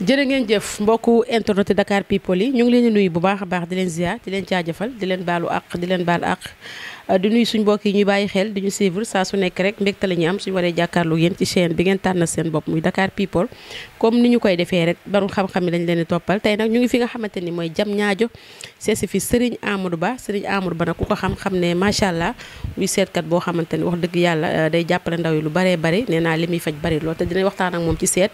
jëre ngeen jëf mbokk internet Dakar people yi ñu ngi leen di nuyu bu baax a baax di leen ziar di leen jaajëfal di leen baalu àq di leen baal àq euh, di nuyu suñ mbokk yi ñuy bàyyi xel di ñu suivre saa su nekk rek mbégte la ñuy am suñ waree jàkkaarloo yéen ci chaîne bi ngeen tànn seen bopp muy Dakar people comme ni ñu koy defee rek baru xam-xam yi leen di toppal tey nag ñu ngi fi nga xamante ni mooy jam ñaajo seesi fi Serigne Amadou Ba Serigne Amadou Ba nag ku ko xam-xam ne macha allah muy kat boo xamante ni wax dëgg yàlla euh, day jàppale ndaw yi lu baree bari nee naa li muy faj bari lool te dinañ waxtaan ak moom ci seet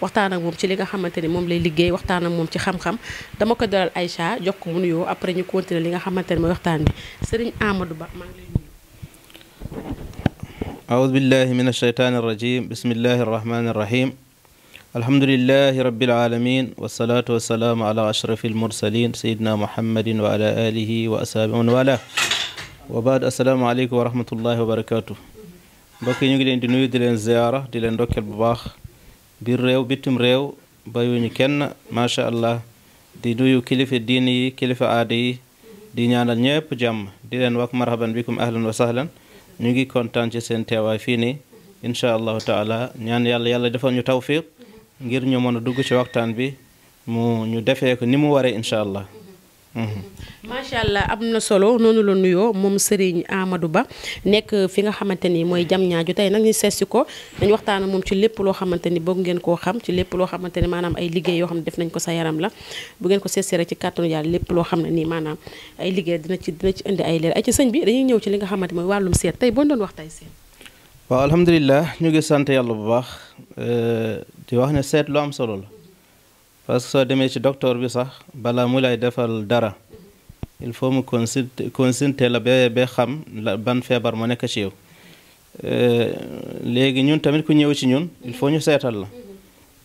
waxtaan ak moom ci li nga xamante ni moom lay liggéey waxtaanak moom ci xam-xam dama ko dalal Aïcha jox ko mu nuyoo après ñu continuer li nga xamante ne mooy waxtaan bi sëriñ Amadou Ba maa ngi lay nuyu. أعوذ بالله من الشيطان الرجيم بسم الله الرحمن الرحيم الحمد لله رب العالمين والصلاة والسلام على أشرف ngi leen di nuyu di leen ziyaara bu baax biir réew bitim réew bayuñu kenn macha allah di nuyu kilifa diini yi kilifa aada yi di ñaanal ñëpp jàmm di leen wax marhaban bikum ahlan wa sahlan ñu ngi kontaan ci seen teewaay fii nii incha allahu taala ñaan yàlla yàlla defal ñu tawfiq ngir ñu mën a dugg ci waxtaan bi mu ñu defee ko ni mu waree incha allah macha allah am na solo noonu la nuyoo moom Serigne Amadou Ba nekk fi nga xamante ni mooy jam ñaaju tey nag ñu seesi ko dañu waxtaan moom ci lépp loo xamante ni bëgg ngeen koo xam ci lépp loo xamante ni maanaam ay liggéey yoo ne def nañ ko sa yaram la bu ngeen ko seesi ci kàttanu yàlla lépp loo xam ne nii maanaam ay liggéey dina ci dina ci indi ay leer ay ci sëñ bi dañuy ñëw ci li nga xamante mooy wàllum seet tey boo doon wax tey seet waaw alhamdulilah ñu ngi sant yàlla bu baax euh, di wax ne seet lu am solo la parce soo demee ci docteur bi sax balaa mu lay defal dara il faut mu consulter consulter la ba ba xam la ban feebar moo nekk ci yow euh, léegi ñun tamit ku ñëw ci ñun il faut ñu seetal la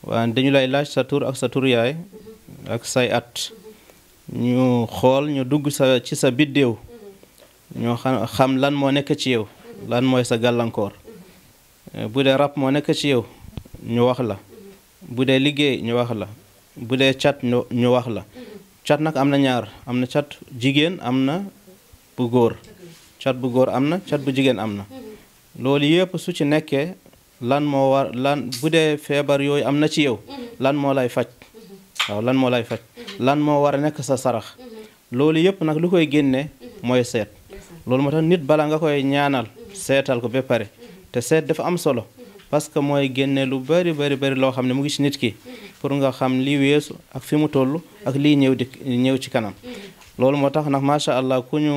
waaye dañu lay laaj sa tur ak sa tur yaay ak say at ñu xool ñu dugg sa ci sa biddéew ñoo xam xam lan moo nekk ci yow lan mooy sa gàllankoor euh, bu dee rab moo nekk ci yow ñu wax la bu dee liggéey ñu wax la bu dee cat ñu wax la cat nag am na ñaar am na cat jigéen am na bu góor cat bu góor am na cat bu jigéen am na loolu yëpp su ci nekkee lan moo war lan bu dee feebar yooyu am na ci yow lan moo lay faj waaw lan moo lay faj lan moo war a nekk sa sarax loolu yëpp nag lu koy génnee mooy seet loolu moo tax nit balaa nga koy ñaanal seetal ko ba pare te seet dafa am solo parce que mooy génne lu bari bari bari loo xam ne mu ngi ci nit ki pour nga xam li weesu ak fi mu toll ak lii ñëw di ñëw ci kanam loolu moo tax nag macha allah ku ñu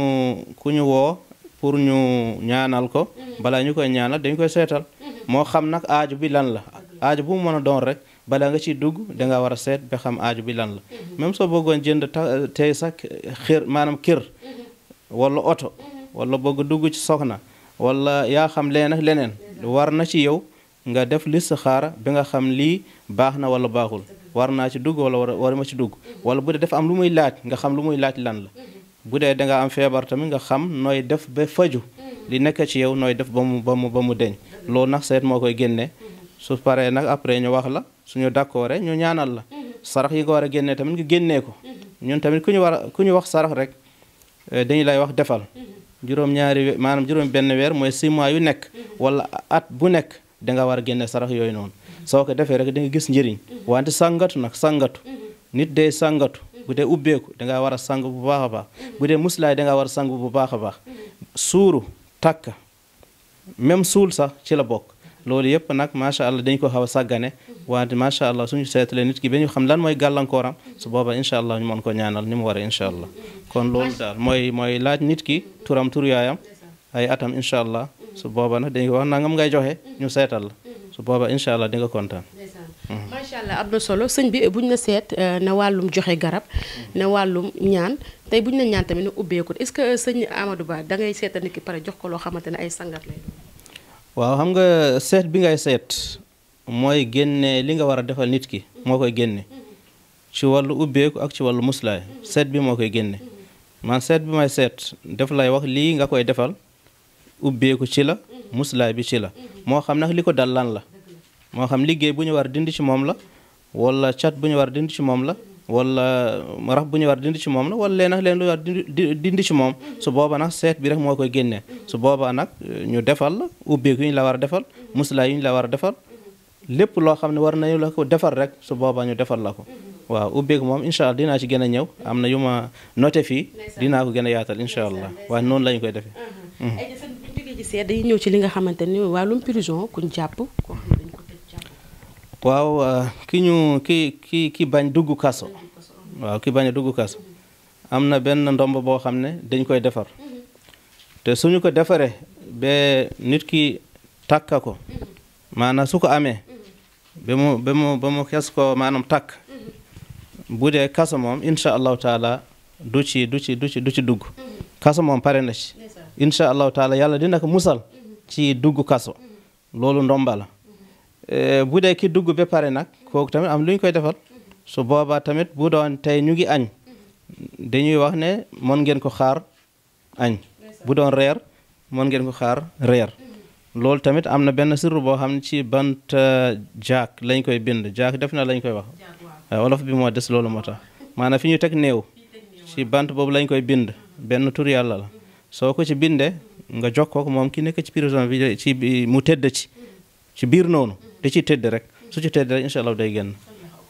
ku ñu woo pour ñu ñaanal ko balaa ñu koy ñaanal dañ koy seetal moo xam nag aaju bi lan la aaju bu mu mën a doon rek balaa nga ciy dugg danga war a seet ba xam aaju bi lan la même soo bëggoon jënd ta tey sax xir maanaam kër wala oto wala bëgg dugg ci soxna walla yaa xam leen ak leneen war na ci yow nga def listixaara bi nga xam lii baax na wala baaxul war naa ci dugg wala war ma ci dugg wala bu dee dafa am lu muy laaj nga xam lu muy laaj lan la bu dee dangaa am feebar tamit nga xam nooy def ba faju li nekk ci yow nooy def ba mu ba mu ba mu deñ loolu nag seet moo koy génne su paree nag après ñu wax la suñu d'accord ñu ñaanal la sarax yi nga war a génnee tamit nga génnee ko ñun tamit ku ñu war a ku ñu wax sarax rek eh, dañu lay wax defal juróom-ñaari maanaam juróom weer mooy six yu nekk wala at bu nekk danga war a génne yooyu noonu soo ko defee rek da gis njëriñ wante sàngatu nag sàngatu nit day sangatu bu dee ubbeeku dangaa war a sang bu baax a baax bu dee muslaay dangaa war a sang bu baax a baax suuru takk même suul sax ci la bokk loolu yëpp nag macha allah dañ ko xaw a sàggane wante macha allah suñu seetalee nit ki ba ñu xam lan mooy gàllankooram su booba incha allah ñu mën ko ñaanal ni mu waree incha allah kon loolu daal mooy mooy laaj nit ki turam tur yaayam ay allah su booba nag dañu ko wax nangam ngay joxe ñu seetal la mm-hmm. su booba incha allah di nga kontaan. Mm-hmm. macha allah am na solo sëñ bi buñ la seet euh, ne wàllum joxe garab mm-hmm. na wàllum ñaan tey buñ la ñaan tamit na ubbeeku est-ce que euh, sëñ Amadou Ba da ngay seetal nit ki pare jox ko loo xamante ne ay sangat lay waaw xam nga seet bi ngay seet mooy génne li nga war a defal nit ki moo koy génne ci wàllu ubbeeku ak ci wàllu muslaay seet bi moo koy génne man seet bi may seet def lay wax lii nga koy defal ubbeeku ci la mhm. muslaay bi ci la mhm. moo xam nag li ko dal lan la moo xam liggéey bu ñu war dindi ci moom la wala cat bu ñu war dindi ci moom la wala rab bu ñu war dindi ci moom la wala leen nag leen lu war dindi ci moom mhm. su booba nag seet bi rek moo koy génnee su booba nag eh, ñu defal la ubbeeku yu ñu la war a defal muslaay yu ñu la war a defal lépp loo xam ne war nañu la ko defal rek su boobaa ñu defal la ko waaw ubbeeku moom incha allah dinaa ci gën a ñëw am na yu ma fii dinaa ko gën a yaatal incha allah seet dañuy ñëw ci li nga xamante ni wàllum prison kuñ jàpp koo xam ne euh, ki ñu ki ki ki bañ dugg kaso. Mhm. waaw bañ a dugg am na benn ndomb boo xam ne dañ koy defar. Mhm. te suñu ko defaree ba nit ki takka ko. Mhm. maanaam su ko amee. ba mu ba ba mu xes ko maanaam takk. bu dee kaso moom incha allahu taala du ci du ci du ci dugg. kaso moom pare na ci. incha allahu taala yàlla dina ko musal mhm. ci dugg kaso mhm. loolu ndomba la mhm. eh, bu dee ki dugg ba pare nag kooku tamit am lu ñu koy defal su boobaa tamit bu doon tey ñu ngi añ dañuy wax ne mën ngeen ko xaar añ bu doon reer moon ngeen ko xaar reer loolu tamit am na benn sirru boo xam ne ci bant eh, jaak lañ koy bind jaak def na lañ koy wax eh, wolof bi moo des loolu moo tax maanaam fi ñu teg néew ci bant boobu lañ koy bind benn tur yàlla la soo ko ci bindee nga jokkoo ko moom ki nekk ci prison bi ci mu tëdd ci ci biir noonu da ciy tëdd rek su ci tëdd rek incha allah day génn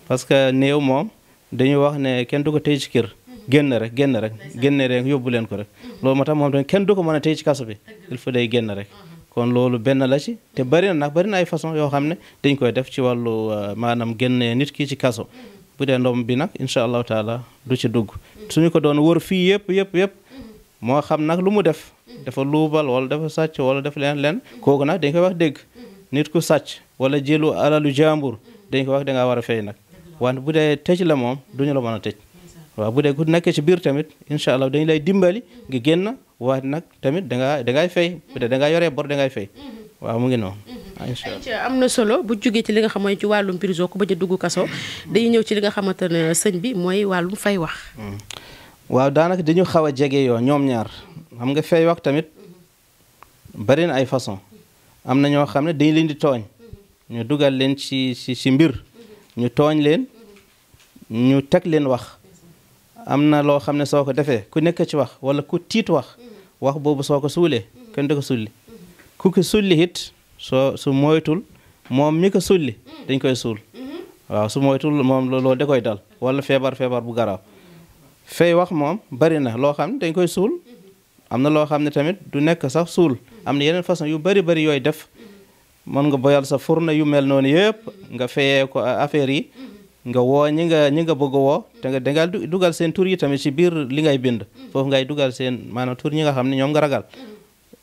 parce que néew moom dañu wax ne kenn du ko tëj ci kër génn rek génn rek génne rek yóbbu leen ko rek loolu moo tax moom tamit kenn du ko mën a tëj ci kaso bi il faut day génn rek kon loolu benn la ci te bari na nag na ay façon yoo xam ne dañ koy def ci wàllu euh, maanaam génne nit ki ci kaso bu dee ndoom bi nag incha allahu taala du ci dugg suñu ko doon wër fii yëpp yëpp yëpp moo xam nag lu mu def dafa luubal wala dafa sàcc wala def leen leen kooku nag dañ koy wax dégg nit ku sàcc wala jëlu alalu jàmbur dañ koy wax da ngaa war a fay nag wante bu dee tëj la moom duñu la mën a tëj waaw bu dee ku nekkee biir tamit incha allah dañu lay dimbali nga génn waaye nag tamit da ngaa da ngay fay da ngaa yoree bor da ngay fay waaw mu ngi noonu. am na solo bu jógee ci li nga xam mooy ci wàllum prison ko bañ a dugg kaso dañuy ñëw ci li nga xamante ne sëñ bi mooy wàllum fay wax. Mm. waaw daanaka dañu xaw a jege yoo ñoom ñaar xam nga fay wax tamit bari na ay façon am na ñoo xam ne dañ leen di tooñ ñu dugal leen ci ci ci mbir ñu tooñ leen ñu teg leen wax am na loo xam ne soo ko defee ku nekk ci wax wala ku tiit wax wax boobu soo ko suulee kenn da ko sulli ku ko sulli it soo su moytul moom mi ko sulli dañ koy suul waaw su moytul moom loolu da koy dal wala feebar feebar bu garaaw fay wax moom bari na loo xam ne dañ koy suul am na loo xam ne tamit du nekk sax suul am na yeneen façon yu bari bari yooy def mën nga boyal sa furna yu mel noonu yëpp nga fayee ko affaire yi nga woo ñi nga ñi nga bëgg woo te nga dangal dugal seen tur yi tamit si biir li ngay bind foofu ngay dugal seen maanaam tur ñi nga xam ne ñoom nga ragal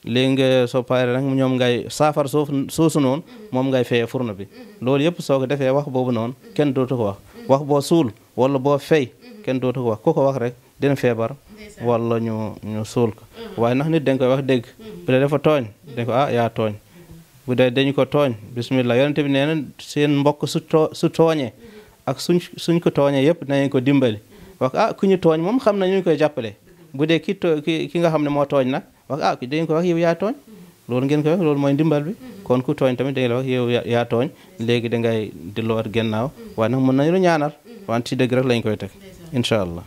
léegi nga soo paree nag ñoom ngay saafar suuf suusu noonu moom ngay fayee furna bi loolu yëpp soo ko defee wax boobu noonu kenn dootu ko wax wax boo suul wala boo fay kenn dootu ko wax ku ko wax rek dina feebar wala ñu ñu suul ko mhm. waaye ndax nit dañ koy wax dégg mhm. bu dee dafa tooñ dañ ko ah, yaa tooñ bu dee dañu ko tooñ bismillah yonente bi nee na seen mbokk su too su tooñee mhm. ak suñ suñ ko tooñee yëpp dinañ ko dimbali wax ah ku ñu tooñ moom xam na ñu koy jàppale bu dee ki too ki nga xam ne moo tooñ na wax ah dañ ko wax yow yaa tooñ loolu ngeen koy wax loolu mooy ndimbal bi kon ku tooñ tamit dañ la wax yow yaa tooñ léegi dangay delluwaat gannaaw waaye nag mën nañu la ñaanal wante ci rek lañ koy teg incha allah.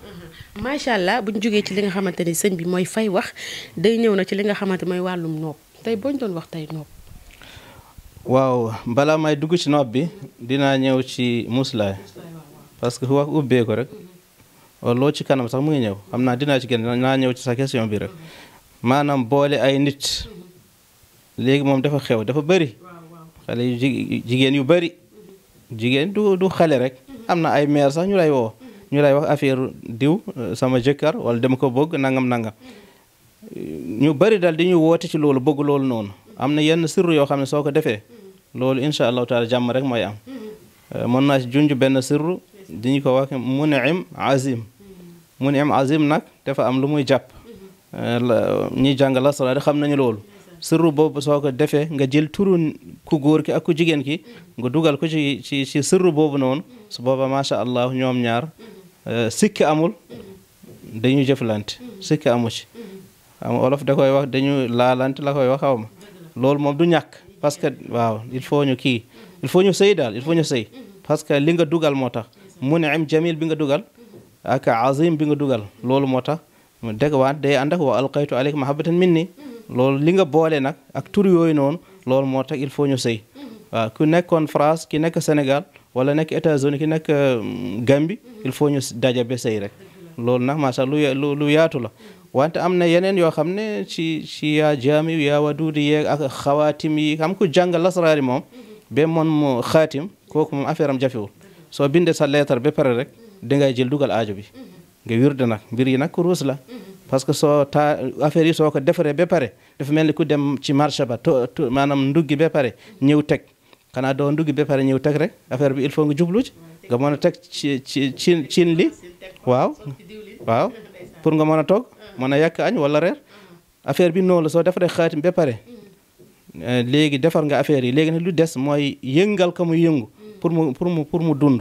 macha allah bu ñu jógee ci li nga xamante ni sëñ bi mooy fay wax day ñëw na ci li nga xamante mooy wàllum nopp tey boo doon wax tey nopp. waaw balaa may dugg ci nopp bi dinaa ñëw ci muslaay parce que wax ubbee rek loo ci kanam sax mu ngi ñëw xam naa dinaa ci gën naa ñëw ci sa question bi rek maanaam boole ay nit léegi moom dafa xew dafa bëri xale yu jigéen yu bëri jigéen du du xale rek am na ay mère sax ñu lay woo. ñu lay wax affaire diw euh, sama jëkkër wala dem ko bog nangam nangam ñu bari dal di ñu woote ci loolu bëgg loolu noonu am na yenn sirru yoo xam ne soo ko defee loolu incha allahu taala jàmm rek mooy am euh, mën naa ci junj benn sirru diñu ko wax munim azim munim azim nag dafa am lu muy jàpp euh, ñuy jàng lasraar xam nañu loolu sirru boobu soo ko defee nga jël turu ku góor ki ak ku jigéen ki nga dugal ko ci ci sirru boobu noonu su booba macha allah ñoom ñaar Euh, sikki amul dañuy jëflante sikki amu ci am olof da koy wax dañu laalante la koy wax xaw ma loolu moom du ñàkk parce que waaw il faut ñu kii il faut ñu sëy daal il faut ñu sëy parce que li nga dugal moo tax mu ne am jamil bi nga dugal ak azim bi nga dugal loolu moo tax deg waat day ànd ak wa alqaytu aleyka mahabbatan minni loolu li nga boole nag ak tur yooyu noonu loolu moo tax il faut ñu sëy ku nekkoon France ki nekk Sénégal wala nekk États-Unis ki nekk euh, Gambie il faut ñu daja ba sëy rek loolu nag macha lu lu lu yaatu la wante am na yeneen yoo xam ne ci ci yaa jaami yaa waduudi yeeg ak xawaatim yi ku jàng lasraari moom ba moom mu xaatim kooku moom affaire am jafewul soo bindee sa lettre ba pare rek dangay jël dugal aajo bi nga wirde nag mbir yi nag ruus la parce que soo taa affaire yi soo ko defaree ba pare dafa mel ni ku dem ci marché ba to maanaam nduggi ba pare ñëw teg xanaa doo nduggi ba pare ñëw teg rek affaire bi il faut nga jublu nga mën a teg ci ci ci cin li waaw waaw pour nga mën a togg mën a yàq añ wala reer affaire bi noonu la soo defaree xaatim ba pare eh, léegi defar nga affaire yi léegi nag lu des mooy yëngal ko mu yëngu pour mu pour mu pour mu dund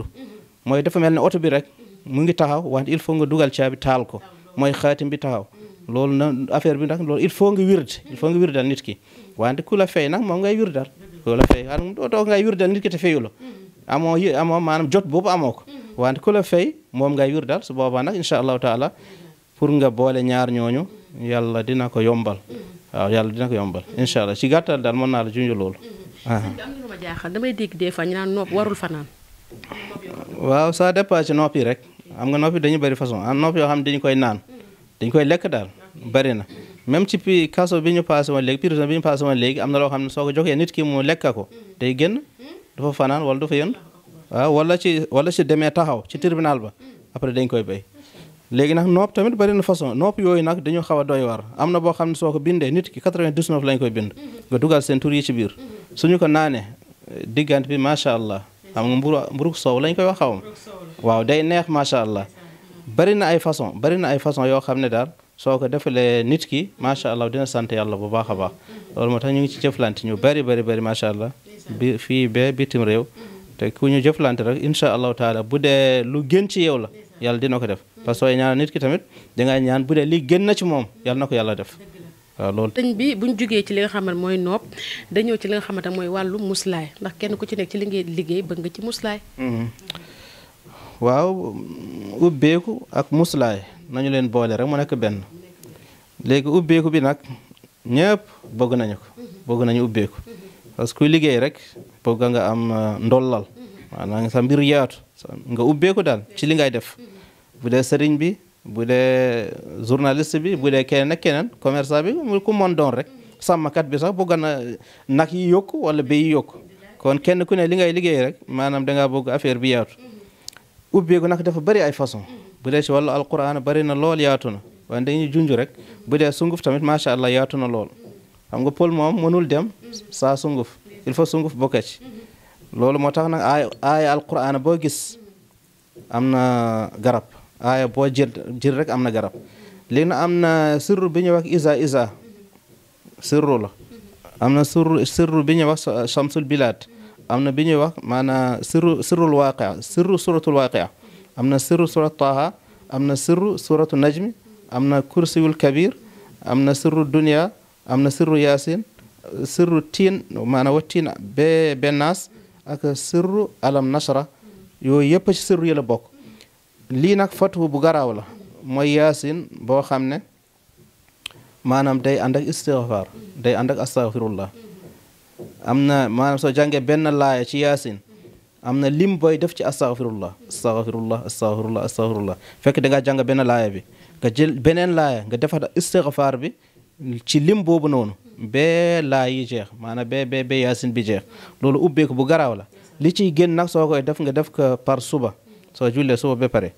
mooy dafa mel ne oto bi rek mu ngi taxaw wante il faut nga dugal caabi taal ko mooy xaatim bi taxaw loolu na affaire bi nag loolu il faut nga wird il faut nga wirdal nit ki wante kula la fay nag moom ngay wirdal ku la fay an doo toog ngay mm-hmm. amoo yi jot boobu amoo ko mm-hmm. wante ku fay moom ngay wirdal su boobaa nag incha allahu taala mm-hmm. pour nga boole ñaar ñooñu yàlla dina ko yombal waaw yàlla dina ko yombal incha allah ci gàttal daal naa la junj loolu ah. am na lu ma jaaxal damay dégg des rek am nga nopp dañu bëri façon am nopp yoo xam ne dañu koy naan dañ koy lekk daal bëri na même ci pi kaso bi ñu passé woon léegi prison bi ñu passé woon léegi am na loo xam ne soo ko joxee nit ki mu lekk ko day génn du fanaan wala du fa yën wala ci wala ci demee taxaw ci tribunal ba après dañ koy bay léegi nag nopp tamit bari na façon nopp yooyu nag dañu xaw a doy war am na boo xam ne soo ko bindee nit ki 99 lañ koy bind nga dugal seen tur yi biir suñu ko naanee diggante bi macha allah xam nga mburu mburu soow lañ koy wax xawam waaw day neex macha allah bari na ay façon bari na ay façon yoo xam ne daal soo ko defalee nit ki macha allah dina sant yàlla bu baax a baax loolu moo tax ñu ngi ci jëflante ñu bari bari bari macha allah bi fii bee bitim réew te ku ñu jëflante rek incha allahu taala bu dee lu gën ci yow la yàlla dina ko def parce que sooy nit ki tamit dangay ñaan bu dee li gën na ci moom yàlla na ko yàlla def waaw loolu sëñ bi bu ñu jugee ci li nga xamante mooy noob dañoo ci li nga xamante mooy wàllu muslaay ndax kenn ku ci nekk ci li liggéey bëgg nga ci mm-hmm. ak muslaay nañu leen boole rek mu nekk benn léegi ubbeeku bi nag ñëpp bëgg nañu ko bëgg nañu ubbeeku parce que liggéey rek bëgg nga am euh, ndollal maanaam sa mbir yaatu nga ubbeeku daal ci li ngay def bu dee sëriñ bi bu dee journaliste bi bu dee keneen ak keneen bi mu ku mën doon rek sàmmkat bi sax bëgg na nag yi yokku wala béy yi yokku kon kenn ku ne li ngay liggéey rek maanaam dangaa bëgg affaire bi yaatu ubbeeku nag dafa bari ay façon bu dee ci wàllu alquran bari na lool yaatu na waaye dañuy junj rek bu dee sunguf tamit macha allah yaatu na lool xam nga pël moom mënul dem saa sunguf il faut sunguf bokk ci loolu moo tax na aaya aaya alquran boo gis am na garab aaya boo jël rek am na garab léegi na am na sirru bi ñuy wax isa isa sirru la am na sirru sirru bi ñuy wax chamsul bilaad am na bi ñuy wax maanaam sirru sirrul waaqia sirru suratul waaqia am na sirru suratu Taha am na sirru suratu najmi am na kursiyul kabir am na sirru dunia am na sirru yaasin sirru tiin maanaam wattiin be bennaas ak sirru alam nasra yooyu yëpp ci sirru yi la bokk lii nag fatuhu bu garaaw la mooy yaasin boo xam ne maanaam day ànd istigfaar day ànd ak astagfirullah am na maanaam soo jàngee benn laaya ci yaasin am na lim booy def ci astaghfirullah astaghfirullah astaghfirullah astaghfirullah fekk da ngaa jàng benn laaya bi nga jël beneen laaya nga defa defaat istighfar bi ci lim boobu noonu bee laay jeex maanaam bee bee bee bi jeex loolu ubbeeku bu garaaw la li ciy génn nag soo koy def nga def ko par suba soo jullee suba ba pare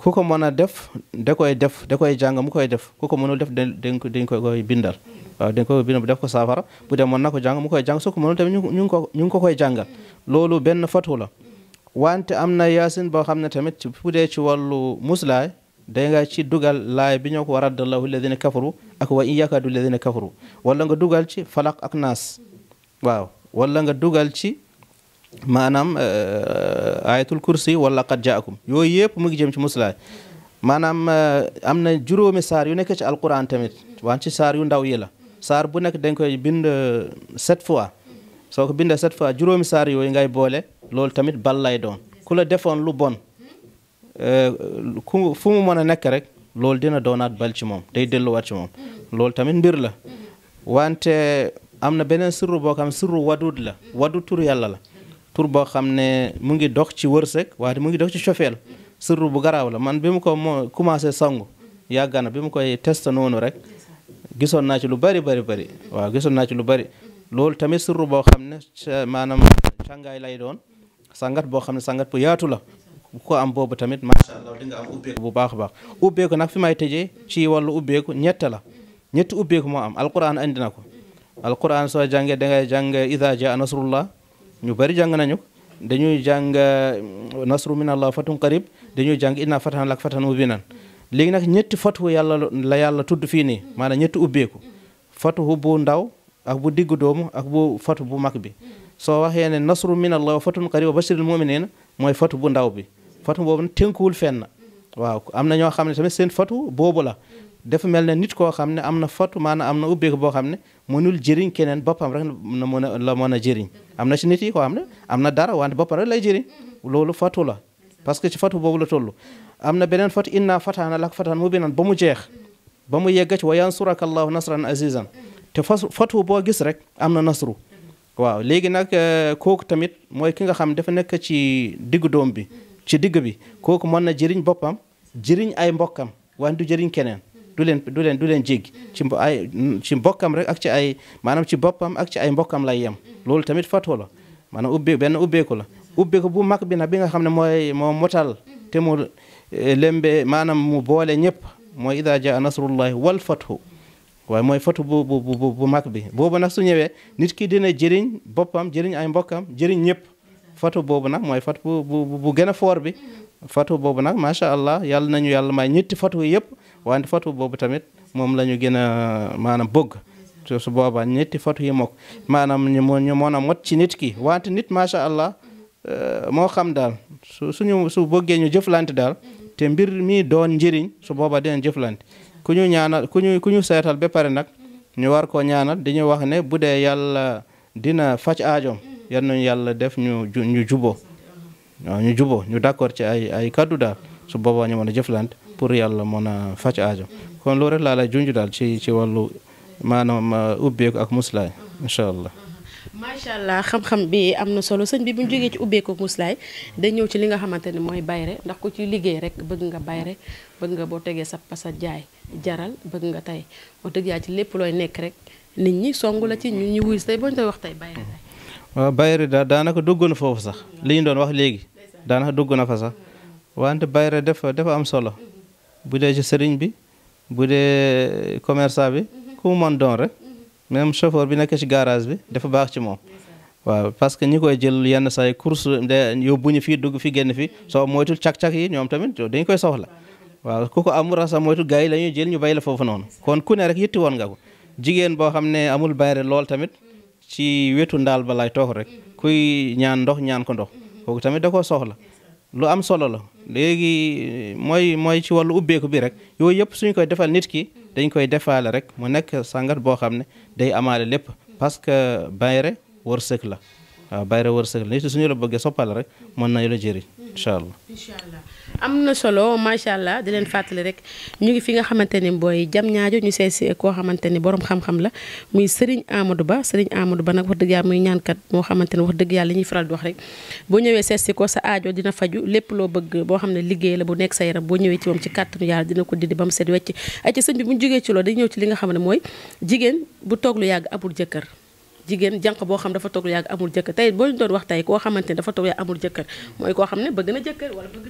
ku ko mën a def da koy def da koy jàng mu koy def ku ko mënul def dañ ko dañ koy bindal waaw dañ koy bindal def ko saafara bu dee mën na ko jàng mu koy jàng soo ko ñu ngi ko ñu ngi ko koy jàngal loolu benn fatu la wante am na yaasin boo xam ne tamit bu dee ci wàllu muslaay da nga ci dugal laay bi ñoo ko wa raddallahu alladina kafaru ak wa in yakadu alladina kafaru wala nga dugal ci falaq ak naas waaw wala nga dugal ci maanaam eh, eh, ayatul kursi wala qad jaakum yooyu yëpp mu ngi jëm ci muslaay maanaam eh, am na juróomi saar yu nekk ci alquran tamit waan ci saar yu ndaw yi la saar bu nekk dañ koy bind sept fois soo ko bindee cette fois juróomi saar yooyu ngay boole loolu tamit bal lay doon ku la defoon lu bon euh, ku fu mu mën a nekk rek loolu dina doonaat bal ci moom day delluwaat ci moom loolu tamit mbir la wante am na beneen sirru boo xam sirru wadud la wadud tur yàlla la tur boo xam ne mu ngi dox ci wërsëg waaye mu ngi dox ci cofeel sirru bu garaaw la man bi mu ko moo commencé sangu yàgg na bi mu koy test noonu rek gisoon naa ci lu bari bari bari waaw gisoon naa ci lu bari loolu tamit sirru boo xam ne maanaam càngaay lay doon sangat boo xam ne sangat bu yaatu la ko am boobu tamit macha allah bu baax a baax ubbeeku nag fi may tëjee ci wàllu ubbeeku ñett la ñetti ubbeeku moo am alquran andi na ko alquran soo jàngee da ngay jàng ida jaa nasrullah ñu bëri jàng nañu dañuy jàng eh, nasru min allah fatun qarib dañuy jàng inna fatahan lak fatan mubinan léegi nag ñetti fatu yàlla la yàlla tudd fii nii maanaam ñetti ubbeeku fatu bu ndaw ak bu diggu doomu ak bu fatu bu mag bi soo waxee ne nasru min allah wa fatun qarib wa bashiril muminina mooy fatu bu ndaw bi fatu boobu nag tënkuwul fenn waaw am na ñoo xam ne tamit seen fatu boobu la dafa mel ne nit koo xam ne am na fatu maanaam am na ubbeeku boo xam ne mënul jëriñ keneen boppam rek na mën a la mën a jëriñ am na ci nit yi koo xam ne am na dara wante boppam rek lay jëriñ loolu fatu la parce que ci fatu boobu la toll am na beneen fatu inna fataana lak fatahan mubinan ba mu jeex ba mu yegga ci wa yansuraka allahu nasran azizan te fotu boo gis rek am na nasru waaw léegi nag euh, kooku tamit mooy ki nga xam dafa nekk ci diggu doom bi ci digg bi kooku mën na jëriñ boppam jëriñ ay mbokkam waaye du jëriñ keneen du leen du leen du leen jéggi ci ay ci mbokkam rek ak ci ay maanaam ci boppam ak ci ay mbokkam lay yem loolu tamit fatoo la maanaam ubbe benn ubbeeku la ubbeeku bu mag bi nag bi nga xam ne mooy moo motal te mu euh, lembe maanaam mu boole ñëpp mooy ida jaa nasrullahi wal fathu waaye mooy photo bu bu bu bu mag bi boobu na su ñëwee nit ki dina jëriñ boppam jëriñ ay mbokkam jëriñ ñëpp photo boobu nag mooy photo bu bu gën a foor bi photo boobu nag macha allah yàlla nañu yàlla may ñetti photo yi yëpp wante photo boobu tamit moom la ñu gën a maanaam bëgg su boobaa ñetti photo yi mokk maanaam ñu ñu mot ci nit ki wante nit macha allah euh, moo xam daal su suñu su bëggee ñu jëflante daal te mbir mi doon njëriñ su booba dina jëflante ku ñu ñaanal ku ñu ku ñu seetal ba pare nag ñu war ko ñaanal di ñu wax ne bu dee yàlla dina faj aajoom yan nañu yàlla def ñu ñu juboo ñu juboo ñu d'accord ci ay ay kaddu daal su boobaa ñu mën jëflant pour yàlla mën a faj aajoom kon loolu rek laa lay daal ci ci wàllu maanaam ubbeeku ak muslaay incha allah. macha allah xam-xam bi am na solo sëñ bi bu ñu jegee ci ubbeeku ak muslaay da ñëw ci li nga xamante ne mooy bayre ndax ku ci liggéey rek bëgg nga bayre bëgg nga boo tegee sa pasa jaay. jaral bëgg nga tey wax dëgg yaa ci lépp looy nekk rek nit ñi songu la ci ñu ñu wuy tey boo ñu koy wax tey Baye Rida. waaw daanaka dugg na foofu sax li ñu doon wax léegi daanaka dugg na fa sax wante bayre Rida dafa dafa am solo bu dee ci sëriñ bi bu dee commerçant bi ku mu doon rek même chauffeur bi nekk ci garage bi dafa baax ci moom. waaw parce que ñi koy jël yenn sax yi course de yóbbu ñu fii dugg fi genn fi soo moytul cak-cak yi ñoom tamit dañ koy soxla. waaw ku ko amul rasa moytu gars yi la ñuy ñu bàyyi la foofu noonu kon ku ne rek yitti woon nga ko jigéen boo xam ne amul bayre lool tamit ci wetu ndaal ba lay toog rek kuy ñaan ndox ñaan ko ndox kooku tamit da koo soxla lu am solo la léegi mooy mooy ci wàllu ubbeeku bi rek yooyu yëpp suñ koy defal nit ki dañ koy defaale rek mu nekk sangat boo xam ne day amaale lépp parce que bayre wërsëg la waaw bayre wërsëg la nit suñu la bëggee soppal rek mën nañu la jëriñ am na solo macha allah di leen fàttali rek ñu ngi fi nga xamante ni booy jam ñaajo ñu seet si koo xamante ni borom xam-xam la muy Serigne Amadou Ba Serigne Amadou Ba nag wax dëgg yàlla muy ñaankat moo xamante ne wax dëgg yàlla ñuy faral di wax rek boo ñëwee seet si ko sa aajo dina faju lépp loo bëgg boo xam ne liggéey la bu nekk sa yaram boo ñëwee ci moom ci kàttanu yàlla dina ko dindi ba mu set wecc ay ci sëñ bi bu ñu jógee ci loolu dañ ñëw ci li nga xam ne mooy jigéen bu toog lu yàgg abul jëkkër jigéen jànq boo xam dafa toog yàgg amul jëkkër tey boo ñu doon wax ko koo xamante ne dafa toog yàgg amul jëkkër mooy koo xam ne bëgg na jëkkër wala bëgg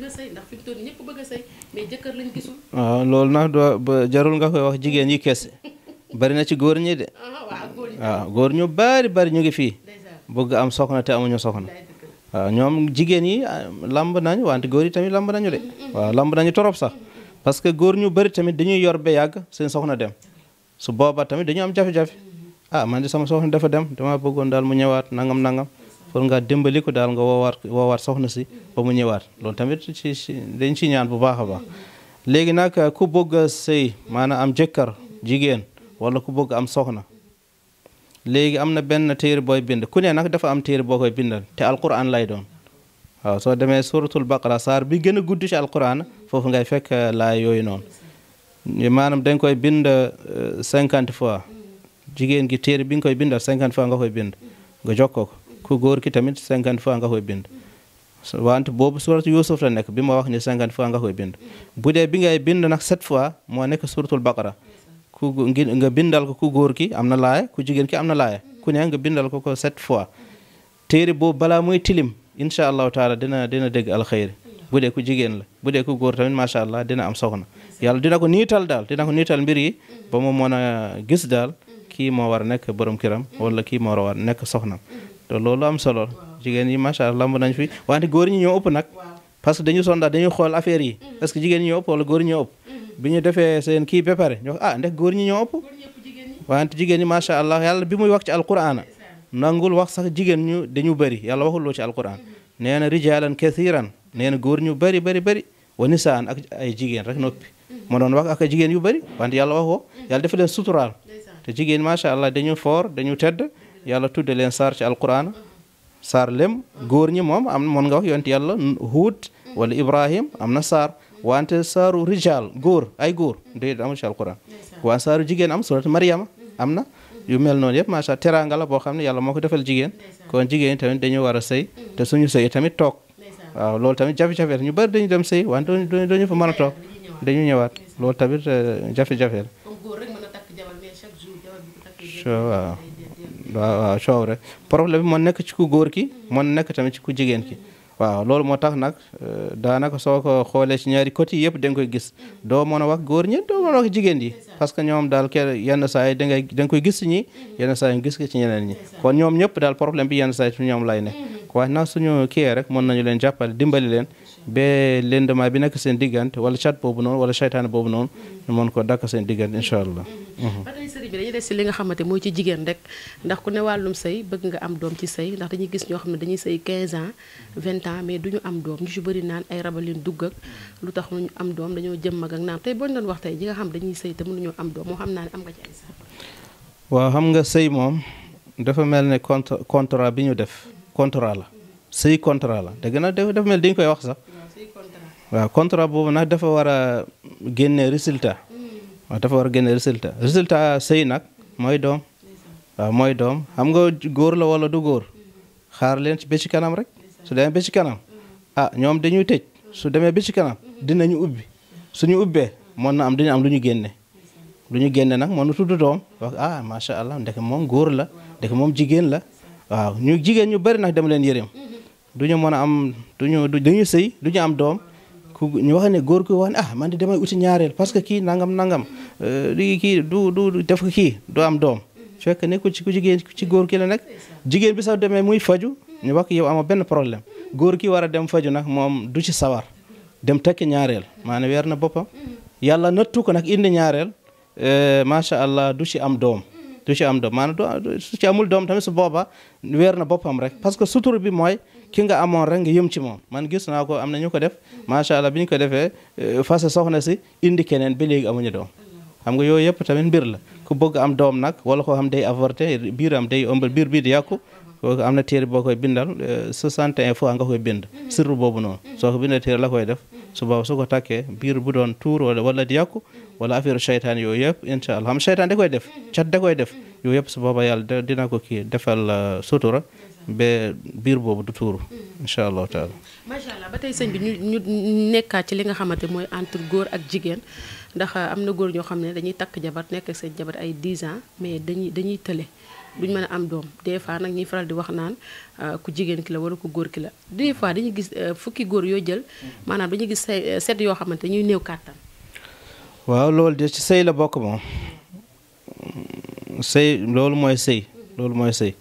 na loolu nag ba jarul nga koy wax jigéen yi kes bari na ci góor ñi de ah, waaw ñu bari bari ñu ngi fii bëgg am na te amuñu soxna waaw ñoom jigéen yi ah, lamb nañu wante góor yi tamit lamb nañu de lamb nañu torop sax parce que góor ñu bari tamit dañuy yor ba yàgg seen na dem su booba tamit dañu am jafe-jafe ah man di sama soxna dafa dem dama boggoon daal mu ñëwaat nangam nangam pour nga dimbali ko daal nga woowaat woowaat soxna si ba mu ñëwaat loolu tamit ci dañ ci ñaan bu baax a baax léegi nag uh, ku bëgg a sëy maanaam am jëkkër jigéen wala ku bëgg am soxna léegi am na benn téere booy bind ku ne nag dafa am téere boo koy bindal te alquran lay doon waaw soo demee suratul baqara sar bi gën a gudd ci alquran foofu ngay fekk uh, laa yooyu noonu maanaam dañ koy bind uh, cinquante fois jigéen gi téere bi nga koy bindal cinquante fois nga koy bind nga jokkoo ko ku góor tamit cinquante fois nga koy bind wante boobu suratu Yusuf la nekk bi ma wax ni cinquante fois nga koy bind bu dee bi ngay bind nag sept fois moo nekk suratul baqara ku nga bindal ko ku góor ki am na laaya ku jigéen ki am na laaya ku ne nga bindal ko ko sept fois téere boobu balaa muy tilim incha allahu taala dina dina dégg alxeyri bu de ku jigéen la bu de ku góor tamit macha allah dina am soxna yàlla dina ko niital daal dina ko niital mbir yi ba mu mën a gis daal kii moo war nekk borom këram wala kii moo war nekk soxnam te loolu am solo jigéen yi macha allah lamb nañ fi wante góor ñi ñoo ëpp nag parce que dañu sonda dañu xool affaire yi est que jigéen ñi ñoo ëpp wala góor ñi ñoo bi ñu defee seen kii ba pare ñu wax ah góor ñi ñoo ëpp wante jigéen ñi macha allah yàlla bi muy wax ci alquran nangul wax sax jigéen ñu dañu bëri yàlla waxuloo ci alquran nee na rijalan kathiran nee na góor ñu bëri bëri bëri wa nisaan ak ay jigéen rek noppi moo doon wax ak jigéen yu bëri wante yàlla wako ko yàlla dafa leen suturaal te jigéen macha allah dañu foor dañu tedd yàlla tudde leen saar ci alquran saar lem góor ñi moom am mën nga wax yonent yàlla huud wala ibrahim am na saar wante saaru rijal góor ay góor déedéet amul ci alquran waan saaru jigéen am surat mariama am na yu mel noon yëpp macha allah teraanga la boo xam ne yàlla moo ko defal jigéen ko jigéen tamit dañu war a sëy te suñu sëy tamit toog loolu tamit jafe-jafe la ñu bëri dañu dem sëy wante dañu fa mën a toog dañu ñëwaat loolu tamit euh, jafe-jafe la waaw waaw waaw coow rek problème bi moo nekk ci ku góor ki moo nekk tamit ci ku jigéen ki waaw loolu moo tax nag euh, daanaka soo ko xoolee ci ñaari côté yëpp da koy gis doo mën a wax góor ñi doo mën wax jigéen yi parce que ñoom daal kenn yenn saa yi da ngay da koy gis ñi yenn saa gis ko ci ñeneen ñi ko ñoom ñëpp daal problème bi yenn saa yi ñoom ñoom lay nekk waaye nag suñu kii rek mën nañu leen jàppale dimbali leen ba lendemain bi nekk seen diggante wala cat boobu noonu wala seytaane boobu noonu mën ko dakk seen diggante incha allah mm-hmm. Mm-hmm. sëriñ bi dañuy des si li nga xamante mooy ci jigéen rek ndax ku ne wàllum sëy bëgg nga am doom ci sëy ndax dañu gis ñoo xam ne dañuy sëy 15 ans 20 ans mais du am doom ñu ci bëri naan ay rabal leen lu tax mu am doom dañoo jëm mag ak naan tey boo ñu doon wax tey ñi nga xam dañuy sëy te mënuñoo am doom moo xam naa ne am nga ci ay sax waaw xam nga sëy moom dafa mel ne contrat bi ñu def contrat la sëy contrat la dëgg na dafa mel dañ koy wax sax waaw contrat boobu nag dafa war a génne résultat waaw dafa war a génne résultat résultat sëy nag mooy doom mooy doom xam nga góor la wala du góor xaar leen ci ba kanam rek su demee ba ci kanam ah ñoom dañuy tëj su demee ba ci kanam dinañu ubbi suñu ubbee moon na am dina am lu ñu génne lu ñu génne nag mënu tudd doom wax ah macha allah ndeke moom góor la ndeke moom jigéen la waaw ñu jigéen ñu bëri nag dem leen yërëm du ñu mën a am du ñu dañuy sëy du ñu am doom ku ñu wax ne góor ku wax ne ah man de damay uti ñaareel parce que nangam nangam euh, kii du du def ko kii du am doom fekk ne ku ci jigéen ci góor ki la nekk jigéen bi sax demee muy faju ñu wax yow amoo benn problème góor ki war a dem faju nag moom du ci sawar dem takki ñaareel maanaam weer na boppam yàlla nattu ko nag indi ñaareel euh, macha allah du ci am doom du ci am doom maanaam du ci amul doom tamit su booba weer na boppam rek parce sutur bi mooy ki nga amoon rek nga yëm ci moom man gis naa ko am na ñu ko def macha allah bi ñu ko defee euh, fase soxna si indi keneen ba léegi amuñu doo xam nga yooyu yëpp tamit mbir la ku bëgg am doom nag wala koo am day avorté biir am day ëmbal biir bii di yàqu kooku am na téere boo koy bindal 61 euh, fois nga koy bind sirru boobu noo soo ko bindee téere la koy def su boobu su ko takkee biir bu doon tuur wala wala di yàqu wala affaire seytaan yooyu yëpp incha allah seytaan da koy def cat da def yëpp su booba yàlla dina ko ki defal euh, sutura ba biir boobu du tuuru. Mm. incha allahu taala. ba tey sëñ bi ñu ñu nekkaat ci li nga xamante mooy entre góor ak jigéen ndax uh, am na góor ñoo xam ne dañuy takk jabar nekk ak seen jabar ay 10 ans mais dañuy dañuy tële. duñ mën a am doom des fois nag ñuy faral di wax naan uh, ku jigéen ki la wala ku góor ki la des fois dañu gis uh, fukki góor yoo jël maanaam dañuy gis say set yoo xamante ñuy néew kàttan. waaw loolu de ci sëy la bokk moom sëy loolu mooy sëy mm-hmm. loolu mooy sëy